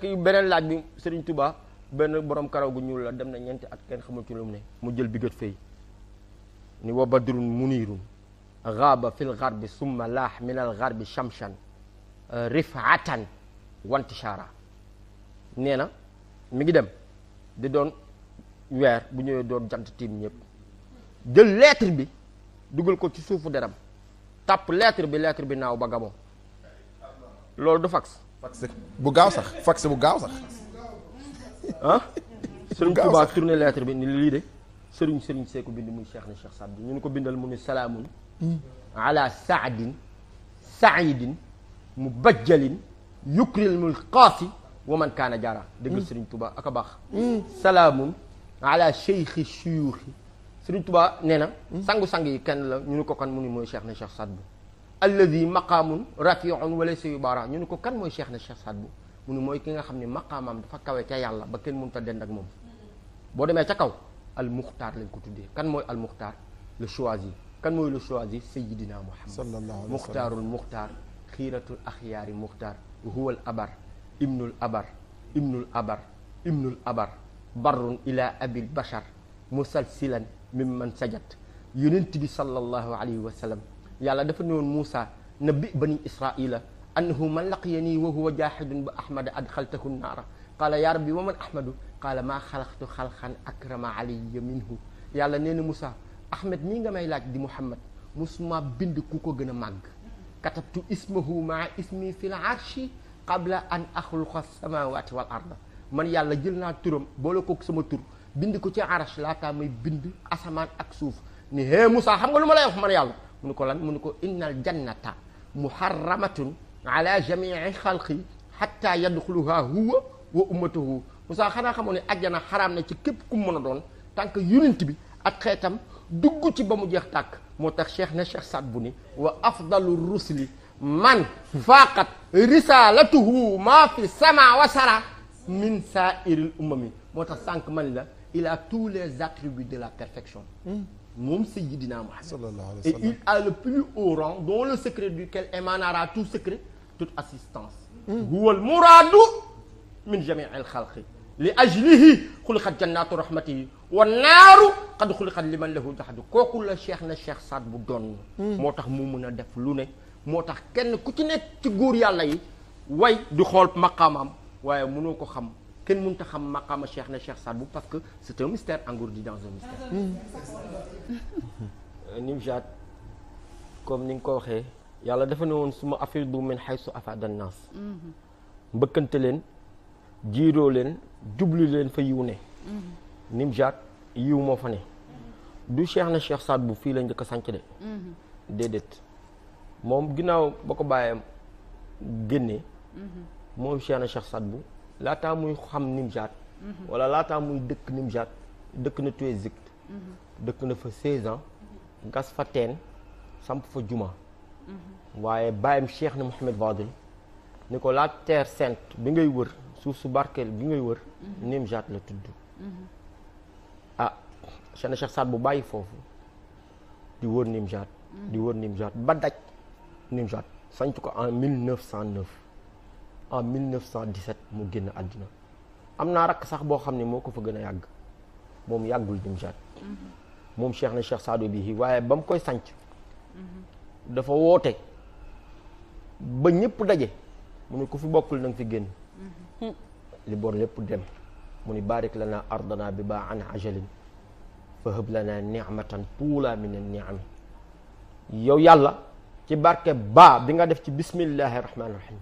ki benen laaj bi Serigne Touba benn borom karaw gu ñuul la dem na ñent at kenn xamul lu ne mu jël bigat fey ni wa badrun munirun gaaba fil gharbi summa lah min gharbi shamshan rifatan wantishara nee na mi ngi dem di doon wer bu ñëwee doon jant tim ñep de lettre bi duggal ko ci suufu deram Tap lettre bi lettre bi naaw ba gamo lolou du fax fax bu gaaw sax fax bu gaaw sax. ah. sëriñ Tuubaa tourné lettre bi ni lii de sëriñ sëriñ see ko bind muy Cheikh na Cheikh Saad bi ñu ni ko bindal mu ni salaamun ala saadin saidin mu bajjalin yukril mul qaasi wa man kaana jara dëggal sëriñ Tuubaa ak a baax salaamun ala cheikhi suyuuxi sëriñ Tuubaa nee na sangu-sang yi kenn la ñu ni ko kan mu ni mooy Cheikh na Cheikh Saad bi الذي مقام رفيع وليس يبارا نيوكو كان موي شيخنا الشيخ سعد مو موي كيغا خامني مقامام دا فا كاوي تا يالا با كين مونتا دندك موم بو ديمي تا كاو المختار لنكو تودي كان موي المختار لو شوازي كان موي لو شوازي سيدنا محمد صلى الله عليه وسلم مختار المختار خيرة الاخيار مختار وهو الابر ابن الابر ابن الابر ابن الابر بر الى ابي البشر مسلسلا ممن سجد يونتبي صلى الله عليه وسلم yàlla dafa ne woon Moussa na bi bani israila annahu man laqiyani wa huwa jahidun ba ahmada adxaltahu naara qaala yaa rabbi wa man ahmadu qaala maa xalaqtu xalqan akrama alayya minhu yàlla nee na Moussa ahmed mii nga may laaj di Mouhammad musuma bind ku ko gën a màgg katabtu ismahu maa ismi fi l arshi qabla an axluqa samawati wal arda man yàlla jël naa turam boole kook sama tur bind ko ci arash laataa may bind asamaan ak suuf ni hee Moussa xam nga lu ma lay wax man yàlla منكو لان ان الجنه محرمه على جميع خلق حتى يدخلها هو وامته وسا خنا خموني حرام نتي كيب كوم دون تانك يونت بي ات خيتام دوجو تي بامو جيخ شيخنا شيخ سعد وافضل الرسل من فاقت رسالته ما في السماء وسرا من سائر الامم موتاخ سانك من لا الى tous les attributs لا la perfection hmm. moom et il a le plus haut rang dont le secret duquel émanera tout secret toute assistance Il al muraadu min jamii al xalqi li ajlihi xuliqat jannaatu rahmatihi wa naaru qad xuliqat liman a le plus haut rang dont le secret duquel émanera tout secret, toute assistance. kenn mënut a xam maqaama Cheikh na Cheikh Saad Bou parce que c' est un mystère engourdi dans un mystère. Euh, Nimjat comme ni nga ko waxee yàlla dafa ne woon suma affaire du min haythu afada an-nas mhm. mbëkkante leen jiiroo leen jublu leen fa yiw ne. Mhm. Nimjat yiw moo fa ne. Mhm. du Cheikh na Cheikh Saad Bou fii lañ njëkk a de. déedéet moom ginnaaw ba ko bàyyee génnee. moom Cheikh na Cheikh Saad Bou laataa muy xam Nimjat. Mhm. wala laataa muy dëkk Nimjat dëkk na Tuézypte. Mhm. dëkk na fa 16 ans. Mhm. gas fa teen samp fa juma. waaye bàyyam cheikh na Mouhamed Fadil ni ko la terre sainte bi ngay wër suuf su barkeel bi ngay wër. Nimjat la tudd. ah Cheikh na Saad bu bàyyi foofu di wër Nimjat. di wër Nimjat ba daj Nimjat sanc ko en 1909. en 1917 mu génn àddina am naa rakk sax boo xam ni moo ko fa gën a yàgg moom yàggul Nimjaat mm-hmm. moom cheikh na cheikh Saadu bi waaye ba mu koy sanc mm-hmm. dafa woote ba ñépp daje mu ne ko fi bokkul nag fi génn mm-hmm. li bor lépp dem mu ni baarik lana ardana bi ba an ajalin fa hëb lana nicmatan tuula min an niami yow yàlla ci barke baa bi nga def ci bismillahi rahmaani rahim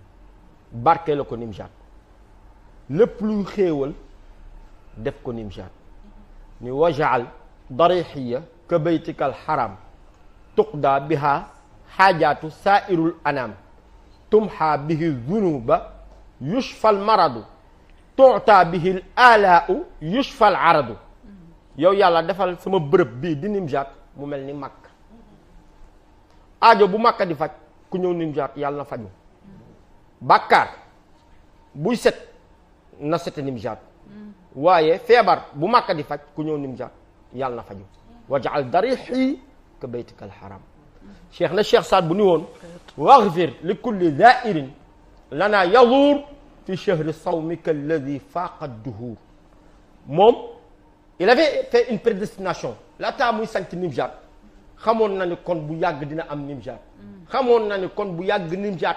barke lako nim jatt lépp lu xéewal def ko nim jatt ni waj'al darixiya ka baytikal haram tuqda biha hajatu sa'irul anam tumha bihi dhunuba yushfa al marad tu'ta bihi al yushfa al 'arad yow yàlla defal sama beurep bi di nim jatt mu melni ni Makka aajo bu Makka di fajj ku ñëw nim jatt yàlla fajj bàkkaar buy set na sete nim jaat waaye feebar bu màkka di faj ku ñëw nim jaat yàlla na faju wajaal darixi ka baytika alxaram cheikh na cheikh saad bu ni woon waxfir li kulli zairin lana yaduur fi chahri sawmika alladi faaqa duhuur moom il avait fait une prédestination laataa muy sant Nimjaat xamoon na ni kon bu yàgg dina am Nimjaat xamoon na ni kon bu yàgg Nimjaat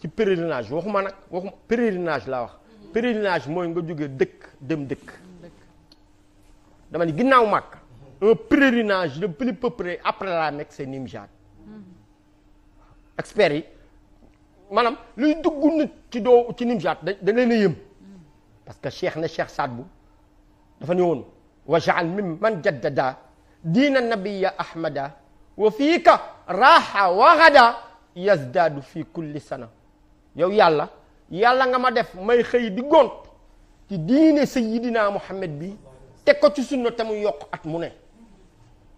ci pèlerinage waxuma nag waxuma pèlerinage laa wax pèlerinage mooy nga jógee dëkk dem dëkk dama ni ginnaaw Makka un pèlerinage le plus peuplé après la Mecque c'est Nimjat experts yi maanaam luy dugg nit ci doo ci Nimjat da da leen a yëm parce que cheikh na cheikh Saad Bou dafa ne woon wajaal min man jaddada diina nabiya ahmada wa fiika raha wa gada yazdaadu fi kulli sana yow yalla yalla nga ma def may xey di gont ci diine sayyidina Muhammad bi te ko ci sunna te yok yokk at mu ne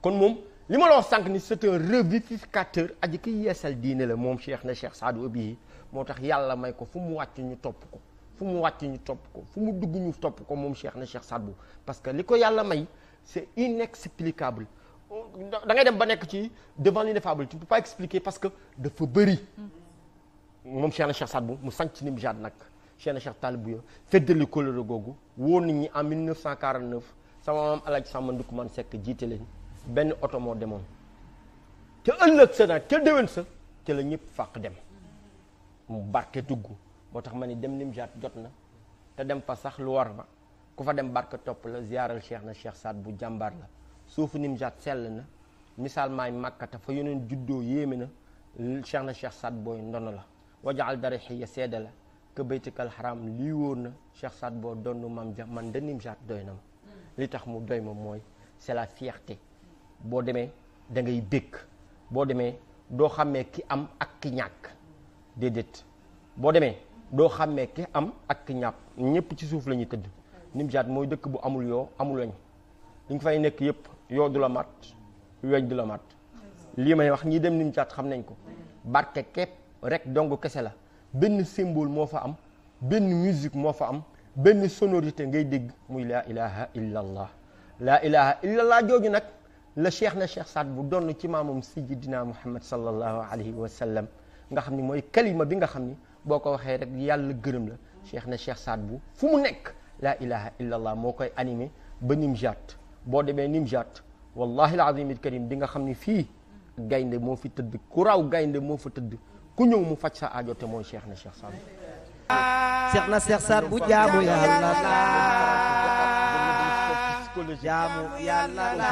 kon moom li ma la wax sànq ni c'est un revivificateur aji ki yessal diine la mom cheikh na cheikh Saadu Abihi motax yalla may ko fu mu wàcc ñu top ko fu mu wàcc ñu top ko fu mu dugg ñu top ko mom cheikh na cheikh Saadu parce que liko yalla may c'est inexplicable da ngay dem ba nek ci devant l'ineffable tu peux pas expliquer parce que de dafa bëri moom Cheikh na Cheikh Saad Bou mu sanc ci Nimjaat nag Cheikh na Cheikh Taalib Bouya feddali kóllëre googu woo nit ñi en 1949 sama maam El Hadj Samba Ndoukoumane Seck jiite leen benn oto moo demoon te ëllëg sa nag te ñëpp fàq dem mu barke moo tax ma ni dem Nimjaat jot na te dem fa sax lu war ma ku fa dem barke topp la ziyaaral Cheikh na Cheikh saat bu jàmbaar la suufu Nimjaat sell na misaal maay màkkata fa yeneen juddoo yéeme na Cheikh na Cheikh Saad Booy ndono la wajaal dara xiya seede la ke baytikal xaram lii wóor na Cheikh sat Boo donn mam ja man de Nimzaat doy na ma li tax mu doy ma mooy c'est la fierté boo demee dangay ngay békk boo demee doo xàmmee ki am ak ki ñàkk déedéet boo demee doo xàmmee ki am ak ki ñàkk ñëpp ci suuf la ñuy tëdd Nimzaat mooy dëkk bu amul yoo amul weñ li nga fay nekk yëpp yoo du la mat weñ du la mat lii may wax ñii dem Nimzaat xam nañ ko barke képp rek dongo kessé la ben symbole mo fa am ben musique mo fa am ben sonorité ngay dégg muy la ilaha illa allah la ilaha illa allah jooju nak la cheikh na cheikh sad bu don ci maamam sayidina muhammad sallallahu alayhi wa sallam nga xamni moy kalima bi nga xamni boko waxe rek yàlla geureum la cheikh na cheikh sad bu fu mu nekk laa ilaha illa allah mo koy animer ba nim jatt bo deme nim jatt wallahi alazim alkarim bi nga xamni fi gaynde mo fi teud ku raw gaynde mo fa teud ku ñëw mu faj sa aajo te mooy Cheikh na Cheikh Saad Bou. Cheikh na Cheikh Saad Bou jaamu yàlla la jaamu yàlla la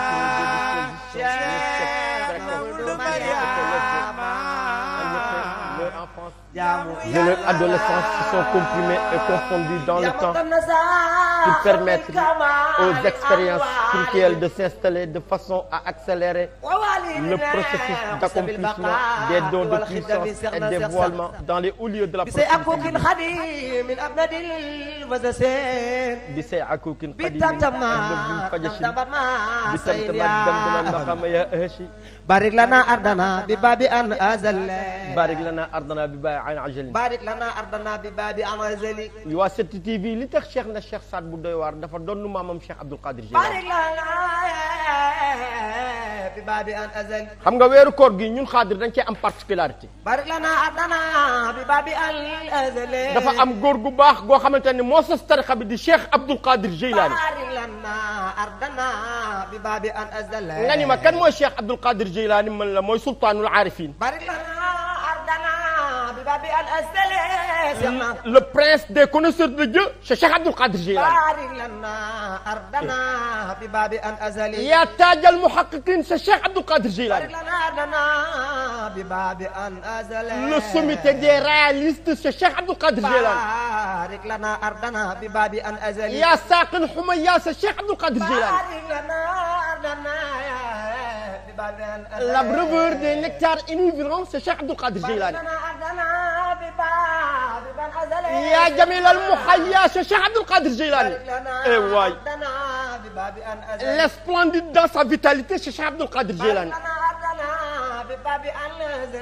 jeunes et adolescents qui sont comprimés et confondus dans le temps qui permettent aux expériences spirituelles de s'installer de façon à accélérer le processus d'accomplissement des dons de puissance et des dévoilements dans les hauts lieux de la proximité بسعى عكوك قديم بارك لنا أرضنا بباب أن أزل بارك لنا أرضنا بباب عن عجل بارك لنا أرضنا بباب أن أزل يوا ست تي في لي تخ شيخنا الشيخ سعد بو دوي وار دافا دون مامام شيخ عبد القادر جيلاني بارك لنا بباب أن azal xam nga weeru koor gi ñun xaadir dañ cee am particularité barik lana abdana bi babi al azal dafa am góor gu baax goo xamante ne moo sos tarixa bi di cheikh abdul qadir jeylaani barik lana abdana bi babi al azal nga ni ma kan mooy cheikh abdul qadir jeylaani man la mooy sultaanul aarifin barik lana abdana bi babi al azal le prince des connaisseurs de Dieu c'est Cheikh Abdul Qadir Jilani بارك لنا أرضنا بباب الأزلي يا تاج المحققين c'est Cheikh Abdul Qadir Jilani بارك لنا أرضنا بباب الأزلي le sommet des réalistes c'est Cheikh Abdul Qadir Jilani بارك لنا أرضنا بباب الأزلي يا ساق الحمية c'est Cheikh Abdul Qadir Jilani بارك لنا أرضنا يا بعد لا بروفور دي نكتار انيفيرون سي شيخ عبد القادر الجيلاني يا جميل المحيا سي شيخ عبد القادر الجيلاني اي واي لا سبلانديد دان سا فيتاليتي سي شيخ عبد القادر الجيلاني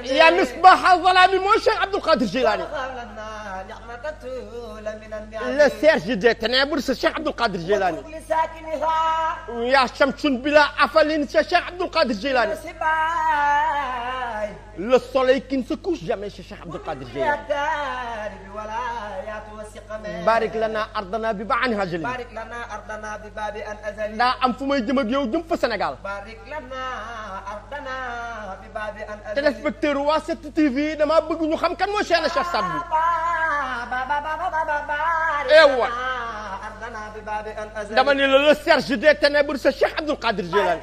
يا مصباح الظلام مو شيخ عبد القادر الجيلاني للسير جدتنا بورس الشيخ عبد القادر الجيلاني يا شمس بلا أفلين الشيخ عبد القادر الجيلاني سولي كنسكوش جميع الشيخ عبد القادر الجيلاني baarik lana ardana bi ba an hajali baarik lana ardana bi ba bi an azali daa am fu may jëm ak yow jëm fa Sénégal baarik lana ardana bi ba bi an azali téléspectateur waa 7TV dama bëgg ñu xam kan mooy Cheikhna Cheikh Sadbou ewa dama ne la le Serge des ténèbres sa Cheikh Abdoul Qadir Jilani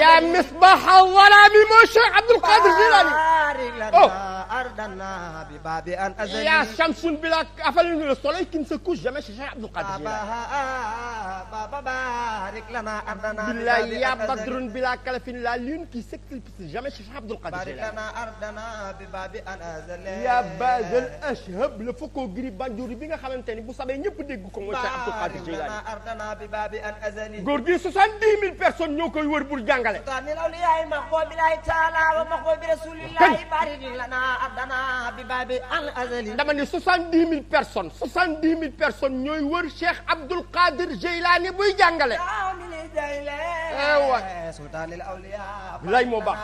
يا مصباح الظلام مو شيخ عبد القادر جيلاني عرضنا بباب أن أزلي يا شمس بلا أفل من الصلاة كنسكوش جمال شيخ عبد القادر أباها بابا بارك لنا أرضنا بالله يا بدر بلا كلف لا لين كي سكت جمال شيخ عبد القادر بارك لنا أرضنا بباب أن أزلي يا بازل أشهب لفوكو قريب بانجوري بينا خمنتني بو سابي نيب ديغكو مو شيخ عبد القادر جيلاني أرضنا بباب أن أزلي غورغي 70000 personnes ñoo koy wër pour jàngale. Tanil awliya ma ko billahi ta'ala wa ma ko bi rasulillahi barik lana dama ni soixante dix mille personnes soixante dix mille personnes ñooy wër Cheikh Abdoul Qadir Jeylaani buy jàngale. Eh, lay moo baax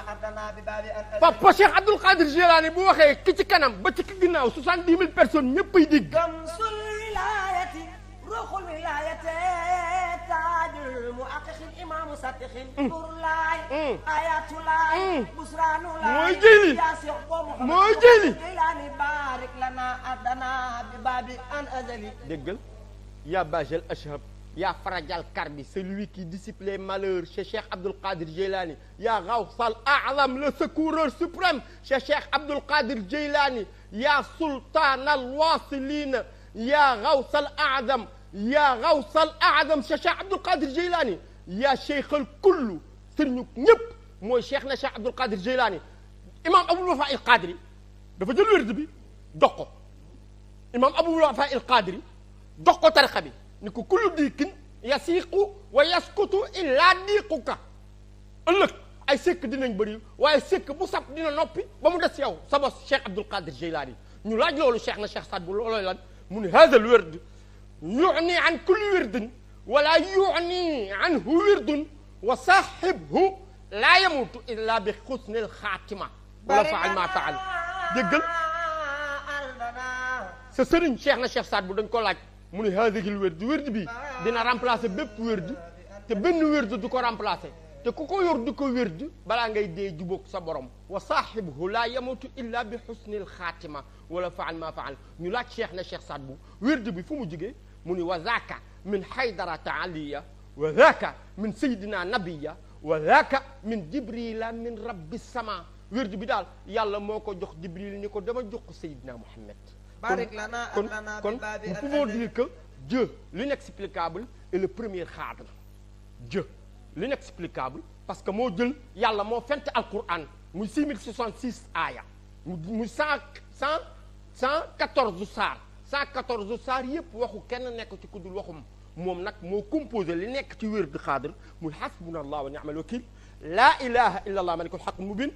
papa Cheikh Abdoul Qadir Jeylaani bu waxee ki ci kanam ba ci ki ginnaaw soixante dix mille personnes ñëppay digg. الإمام يا باجل أشهب يا فرج الكربي celui qui dissipe les malheurs chez Cheikh Abdul Qadir Jilani يا غوث الأعظم le secoureur suprême chez Cheikh Abdul Qadir Jilani يا سلطان الواصلين يا غوث الأعظم يا غوث الاعظم شيخ عبد القادر الجيلاني يا شيخ الكل سرنك نيب موي شيخنا شيخ عبد القادر الجيلاني امام ابو الوفاء القادري دا فا جيل ورد بي دوكو امام ابو الوفاء القادري دوكو تاريخ بي نكو كل ديكن يسيق ويسكت الا ديقك الله اي سيك دي نن بري واي سيك بو ساب دينا نوبي بامو دس ياو سابو شيخ عبد القادر الجيلاني ني لاج لولو شيخنا شيخ سعد بو لولو لان من هذا الورد يعني عن كل ورد ولا يعني عنه ورد وصاحبه لا يموت الا بحسن الخاتمه ولا فعل ما فعل دقل سسرين شيخنا شيخ سعد بودن كولاج موني هذه الورد ورد بي دينا رامبلاسي بيب ورد te benn wér du ko remplacé te ku ko yor du ko wér du balaa ngay dee jubóog sa borom wa saaxibhu ولا فعل ما فعل نلا شيخنا شيخ سعد بو ورد بي فمو جيغي من وذاك من حيدرة عليا وذاك من سيدنا نبيا وذاك من جبريل من رب السماء ورد بي دال يالا موكو جوخ جبريل نيكو داما جوخ سيدنا محمد بارك لنا كن كن كن كن كن كن كن Dieu, l'inexplicable, est le premier cadre. Dieu, l'inexplicable, parce que mon Dieu, il y a le mot fait le Coran, 6066 ayah, 100, 100, 114 saar 114 saar yëpp waxu kenn nekk ci kuddul waxum moom nag moo composé li nekk ci wér di xaadir muy allah wa niamal wakil laa ilaha illa allah malikul xaq mubin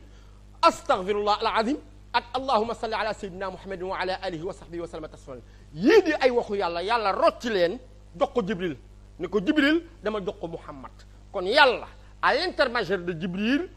astaghfirullah al ak allahuma salli ala sayidina muhammadin wa ala alihi wa sahbihi wa salama tasliman yii ay waxu yàlla yàlla rocci leen jox ko jibril ne ko jibril dama jox ko muhammad kon yàlla à l'intermédiaire de jibril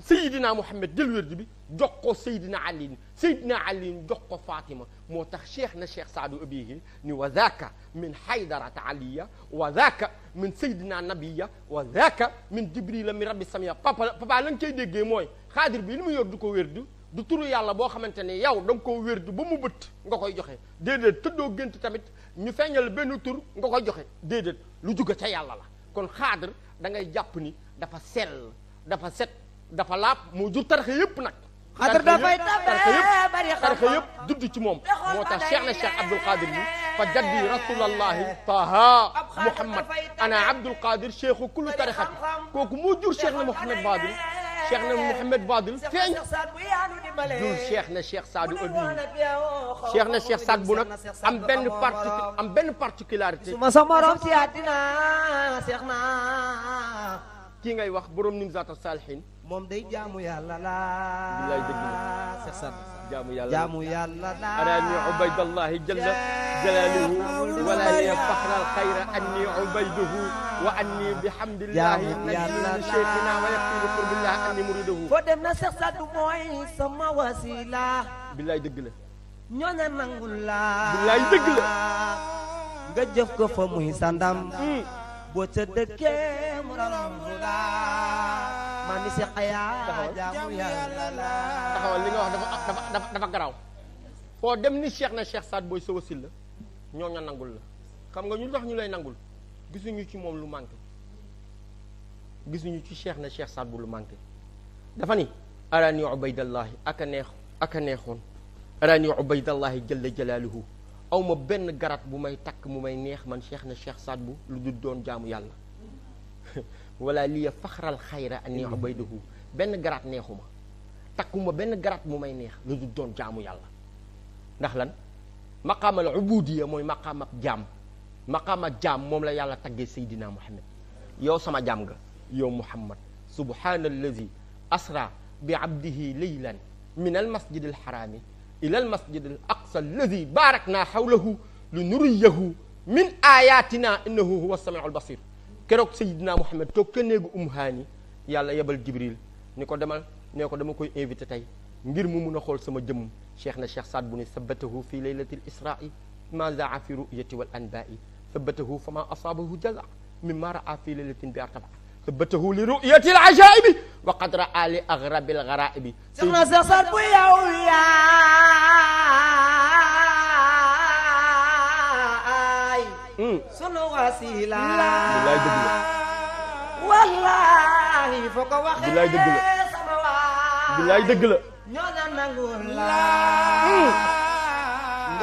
سيدنا محمد ديل ورد بي جوكو سيدنا علي سيدنا علي جوكو فاطمه موتاخ شيخنا شيخ سعد ابيه ني وذاك من حيدرة علي وذاك من سيدنا النبي وذاك من جبريل من ربي السماء بابا بابا دي ديغي موي خادر بي لمي يوردو كو ورد du turu yalla bo xamantene yow dang ko werd ba mu beut nga koy joxe dedet tuddo gent tamit ñu feñal benn tur nga koy joxe dedet lu jugge ca yalla la kon xadir da ngay japp ni dafa sel dafa set dafa lap mo jur tarxe yëpp nag. xatar dafay tabee tarxe yep dudd ci mom motax tax Cheikh na Cheikh Abdoul Qadir ni fa jaddi rasulallahi taha Muhammad ana Abdoul Qadir cheikh kul tarixat kooku mo jur Cheikh na Mouhamed Badil Cheikh na Mouhamed Badil feñ dul Cheikh na Cheikh sadou Abi Cheikh na Cheikh Saad bu nak am ben parti am benn particularité. suma sama sa ci si àddina Cheikh na. kii ngay wax borom nim zaata saalihin moom day jaamu yàlla laa billaay dëgg la Cheikh Saad jaamu yàlla jaamu araani ubaydallahi jalla jalaluhu wala ya faxral xayra anni ubayduhu wa anni bihamdillahi nabii cheikhina wa dëgg la ñoo na nangul laa billaay dëgg la nga jëf ko fa muy sandam mm. bocet deke muram manis ya kaya jamu ya taxawal li nga wax dafa dafa dafa dafa garaw dem ni cheikh na cheikh sad boy sa wasil la ñoo nga nangul la xam nga ñu tax ñu lay nangul gisuñu ci lu manqué gisuñu ci cheikh na cheikh sad bu lu manqué dafa ni arani ubaydallahi aka neex aka arani ubaydallahi jalla jalaluhu aw ma benn garab bu may takk mu may neex man cheikh na cheikh Saad Bou lu dul doon jaamu yàlla wala liya faxaral xayra ani ubaydahu benn garab neexu ma takkuma benn garab mu may neex lu dul doon jaamu yàlla ndax lan maqaamal ubudiya mooy maqaam ak jaam maqaam ak jaam moom la yàlla taggee Seydina Muhammad yow sama jaam nga yow Muhammad subhaanallazi asra bi abdihi laylan min al masjid al xaraami إلى المسجد الأقصى الذي باركنا حوله لنريه من آياتنا إنه هو السميع البصير keroog Seydina Mouhamed toog ca néegu um haani yàlla yebal Jibril ni ko demal ne ko dama koy invité tey ngir mu mun a xool sama jëmm cheikh na cheikh Saad bu ne sabatahu fi leylati l israi ma zaa fi ruyati wal anbai sabatahu fa ma asaabahu jaza mimma raa fi leylatin bi artaba sabatahu li ruyati l ajaibi wa qad raa li agrabi l garaibi cheikh na cheikh Saad bu yow yaa Hmm. Sono wasila bilaay dëgg la wallahi foo ko waxee bilaay dëgg la sama waa Nyonya dëgg la ñoo na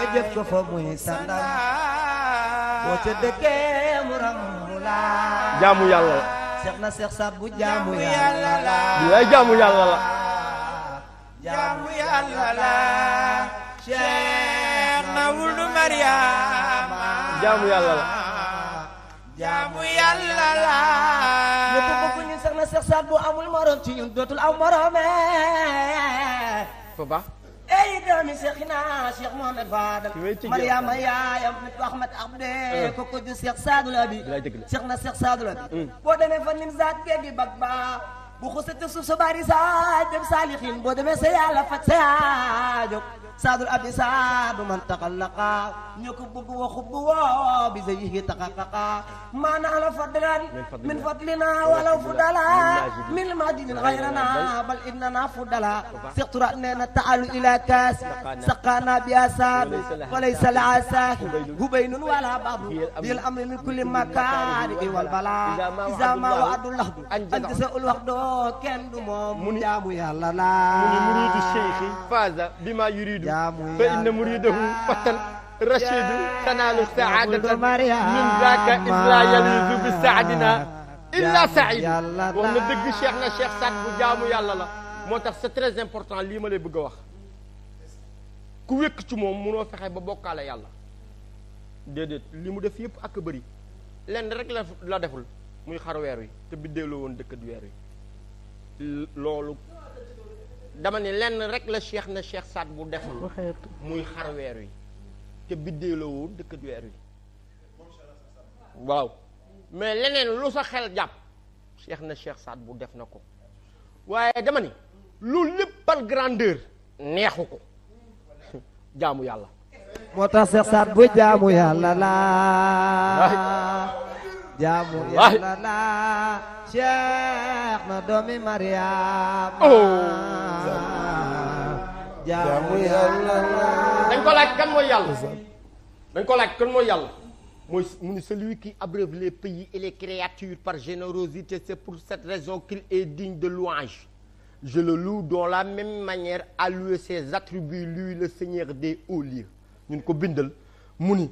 nangu sandal boo ca dëkkee mu rambu la jaamu yàlla la seex jamu ya sa bu jamu yàlla ya ya la bilaay jaamu yàlla ya la jaamu yàlla jaamu yàlla la. jaamu yàlla la. ñëpp bëgg ñu na sax sax bu amul morom ci ñun dootul aw morome. bu baax. ay doomi Cheikh naa Cheikh Mohamed Fadal. Mariama yaayam nit ku Ahmed Abde. kooku ju Cheikh Sadou na Cheikh Sadou la bi. Mm. boo demee zaat géej gi bag ba bu xusate suuf bari saa dem saalixiin boo demee sa yàlla faj sa saadul abi saadu man taxallaqa ñoo ko bëgg wa xubb woo bi zayihi taxaqaqa maana ala fadlan min fadlina walaw fudala min madinin xayrana bal innana fudala siqtura nee na taalu ila kaas saqaana bi asaan walaysa la asaahi hubaynun wala babu dil amri min kulli makaani wal bala isa ma waadu lahdu anta sa ul wax doo kenn du moom mu jaamu yàlla la muridu cheikhi faaza bima yuridu فإن مريده قتل رشيد تنال سعادة من ذاك إذ يليز بسعدنا إلا سعيد وهم دق شيخنا شيخ سعد بجامو يا الله موتاخ سي تريز امبورطون لي مالي بغا واخ كو ويك تي موم مونو فخي با بوكالا يالا ديديت لي مو ديف ييب اك بري لين رك لا ديفول موي خار وير وي تبي ديلو وون لولو dama ne lenn rek la cheikh na cheikh Saad bu deful muy xar weer wi te biddee la woon dëkkat weer wi waaw mais leneen lu sa xel jàpp cheikh na cheikh Saad bu def na ko waaye dama ne loolu lépp grandeur neexu ko jaamu yàlla moo tax cheikh Saad bu jaamu yàlla laa jaamu yàlla laa Cheikh na Mariam oh. jaamu yàlla laa dañ ko laaj kan mooy yàlla dañ ko laaj kan mooy yàlla celui qui abreuve les pays et les créatures par générosité c'est pour cette raison qu'il est digne de louange je le loue dans la même manière à lui ses attributs lui le Seigneur des hauts lieux ñun ko bindal muni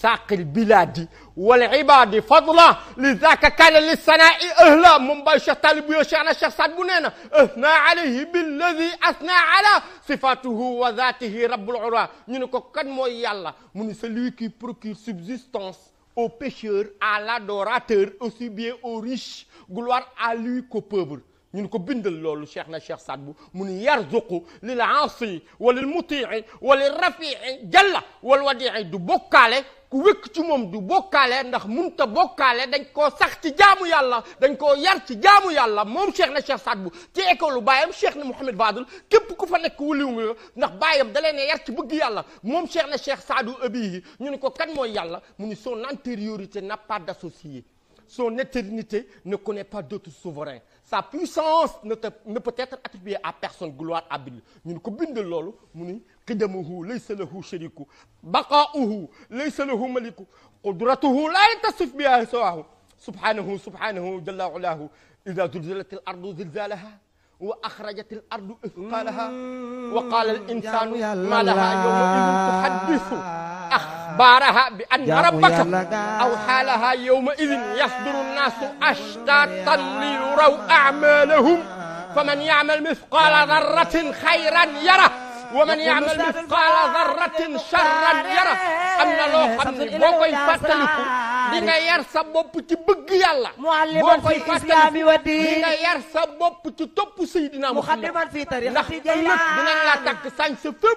ساق البلاد والعباد فضلا لذاك كان للثناء أهلا مباشرة لبيوشعنا الشيخ سعد بنينا أثنى عليه بالذي أثنى على صفاته وذاته رب العروة نينكو كان مو يالا من celui qui procure subsistance au pécheur à l'adorateur aussi bien aux riches gloire à lui qu'aux ñu ni ko bindal loolu cheikh na cheikh saad bu mu ni yarzuqu lil aasi wa lil mutii wa lil rafii jalla wal wadii du bokkaale ku wékk ci moom du bokkaale ndax munta bokkaale dañ koo sax ci jaamu yàlla dañ koo yar ci jaamu yàlla moom cheikh na cheikh saad bu ci école baayam cheikh na mouhamed fadul képp ku fa nekk wuliw nga ndax baayam da leen yar ci bëgg yàlla moom cheikh na cheikh saadu abihi ñu ni ko kan mooy yàlla mu ni son antériorité n'a pas d'associé son éternité ne connaît pas d'autre souverain sa puissance ne te ne peut être attribuée à personne gloire habile ñu ne ko bind loolu mu ni qidamahu laysa lahu shariku baqaa'uhu laysa lahu maliku qudratuhu la yantasif biha siwahu subhanahu subhanahu jalla ulahu ida zulzilat al ardu zilzalaha wa الأرض al ardu ithqalaha wa qala al insanu ma laha yawmaidin بارها بأن ربك أوحى لها يومئذ يصدر الناس أشتاتا ليروا أعمالهم فمن يعمل مثقال ذرة خيرا يرى ومن يعمل مثقال ذرة شرا يره أما لو خمسين بوكي فتلك لنا يرسى بوكي بقي الله معلما في الإسلام ودين لنا يرسى بوكي توب سيدنا محمد مخدما في تاريخ الجيان نحن لا تكسان سفب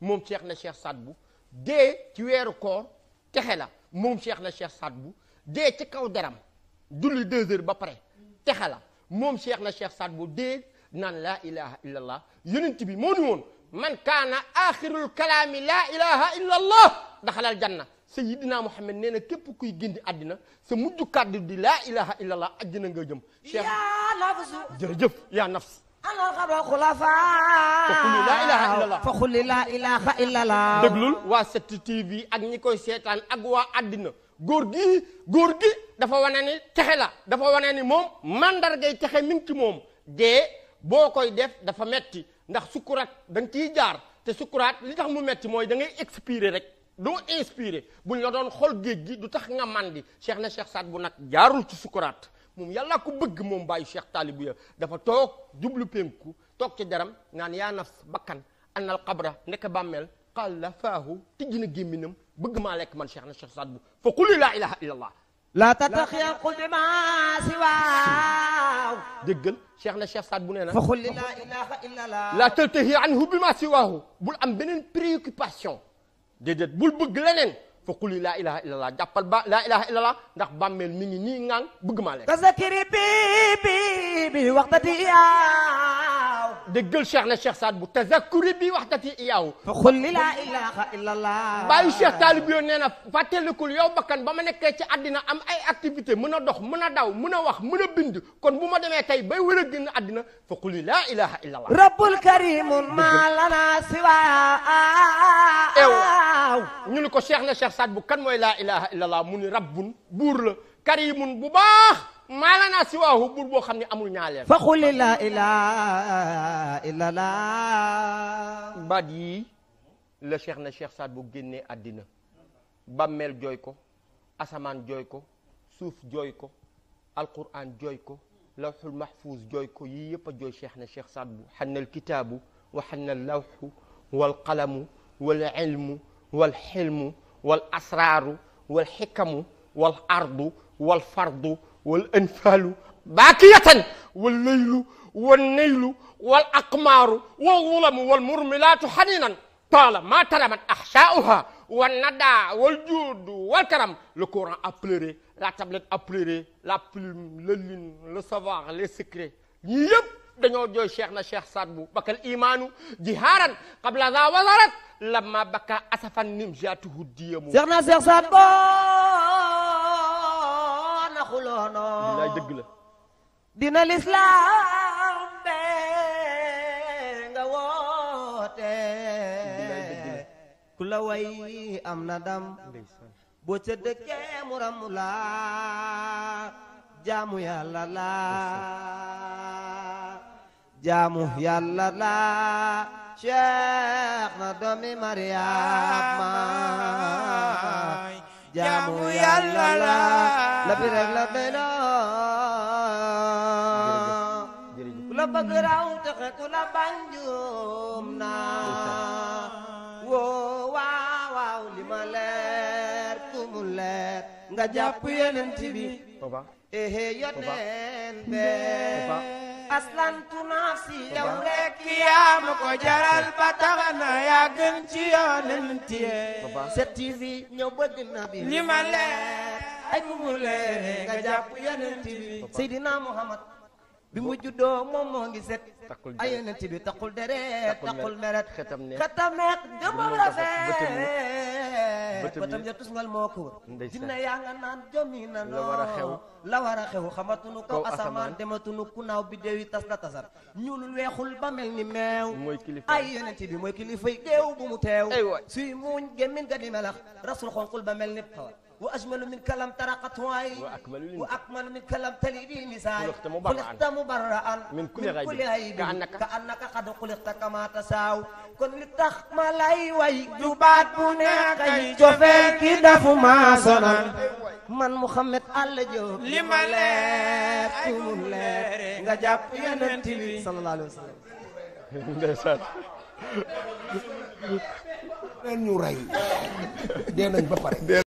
moom Cheikh na Cheikh Sadbu dee ci weeru koor texe la moom Cheikh na Cheikh Sadbu dee ci kaw deram julli deux heures ba pare texe la moom Cheikh na Cheikh Sadbu dee naan laa ilaha illa allah yonent bi moo ni woon man kaana axirul kalaami laa ilaha illa allah daxalal janna sayidina Muhammad nee na képp kuy géndi àddina sa mujj kàddu di laa ilaha illa allah àddina nga jëm cheikh jërëjëf yaa nafs fa xulli laa ilaaha illallah déglul waa 7TV ak ñi koy seetaan ak waa àddina góor gi góor gi dafa wane ni texe la dafa wane ni moom mandargay texe mi ci moom dee boo koy def dafa metti ndax sukkuraat danga ciy jaar te sukkuraat li tax mu metti mooy da ngay expiré rek doo bu buñ la doon xool géej gi du tax nga mandi Cheikh na Cheikh Saad bu nag jaarul ci sukkuraat moom yàlla ko bëgg moom bàyyi cheikh taalibu ya dafa toog jublu penku toog ci daram naan yaa nafs bakkan annal qabra nekk bàmmeel qaal la faahu tijji na gémminam bëgg maa lekk man cheikh na cheikh saad bu fa quli laa ilaha illa allah la tatax yaqul na cheikh bu nee na fa la taltahi anhu bi siwaahu bul am beneen préoccupation déedéet bul bëgg leneen fa quli laa ilaha illallah jàppal ba laa ilaha illallah ndax bàmmeel mi ngi nii ngaan bëgg maa lekk. دقل شيخ للشيخ سالم تذكري بي وحدتي اياه قل لا اله الا الله باي شيخ طالب يونينا فاتل كل يوم بكن بما نكاي تي ادنا ام اي اكتيفيتي منا دوخ منا داو منا واخ منا بند كون بوما ديمي تاي باي ورا ген ادنا فقل لا اله الا الله رب الكريم ما لنا سوى ايوا نيو نكو شيخ للشيخ سالم كان لا اله الا الله موني رب بور كريم بوباخ ما لنا سواه بربو خمني أمول نالين فقل لا إله إلا الله بدي لشيخنا شيخ سعد بو أدينا أدنى جويكو أسامان جويكو سوف جويكو القرآن جويكو لوح المحفوظ جويكو ييبا جوي شيخنا شيخ سعد بو حن الكتاب وحن اللوح والقلم والعلم والحلم والأسرار والحكم والأرض والفرض والانفال باكية والليل والنيل والاقمار والظلم والمرملات حنينا طالما ترى من احشاؤها والندى والجود والكرم لكورا ابليري لا تابلت ابليري لا بلوم لين لو لي سكري يب دانيو جوي شيخنا شيخ سادبو بك الايمان جهارا قبل ذا وزرت لما بكى اسفا نمجاته ديمو شيخنا شيخ سادبو xulóonoo bilaay dëgg la dina lislaam be nga woote ku la way am na dam boo ca dëkkee mu ramu la jaamu yàlla la jaamu yàlla la Cheikh na doomi Mariama jaamu yàlla la la bi la benoo ku la bëgg raw texe ku la bañ juum woo waaw waaw li ma leer ku leer nga jàpp yeneen ci bi ehe yoneen bee aslantu nafsi yow rekk yaa ma ko jaral ba na yaa gën ci yonent yi 7TV ñëw bëgg na bi li ma leer ay bu mu leere nga jàpp Seydina Muhammad bi mu juddoo moom moo ngi set ay yonent bi taxul deret taxul deret xetameet gëmam rafet bëtam ya tusngal moo ko wër dina yaa nga naan jomi na noo la war a xew xamatunu kaw asamaan dematunu ku naaw bi deew yi tas na tasar ñuulul weexul ba mel ni meew ay yonent bi mooy kilifay déew bu mu teew suy muuñ gémmin ga di melax rasul xonqul ba mel ni pawar wa ajmalu min kalam taraqat waay wa akmalu min kalam tali bi misaay xuliqta mubarraan min kulli aybi ka annaka qad xuliqta kama tasaaw kon li tax ma lay way du baat bu neexay jofeel ki dafu maa sonal man Mouhamed Alla Diop li ma leer ay mu leer nga jàpp yonent bi sallallahu alayhi wa sallam ndeysaan ñu rey dee nañ ba pare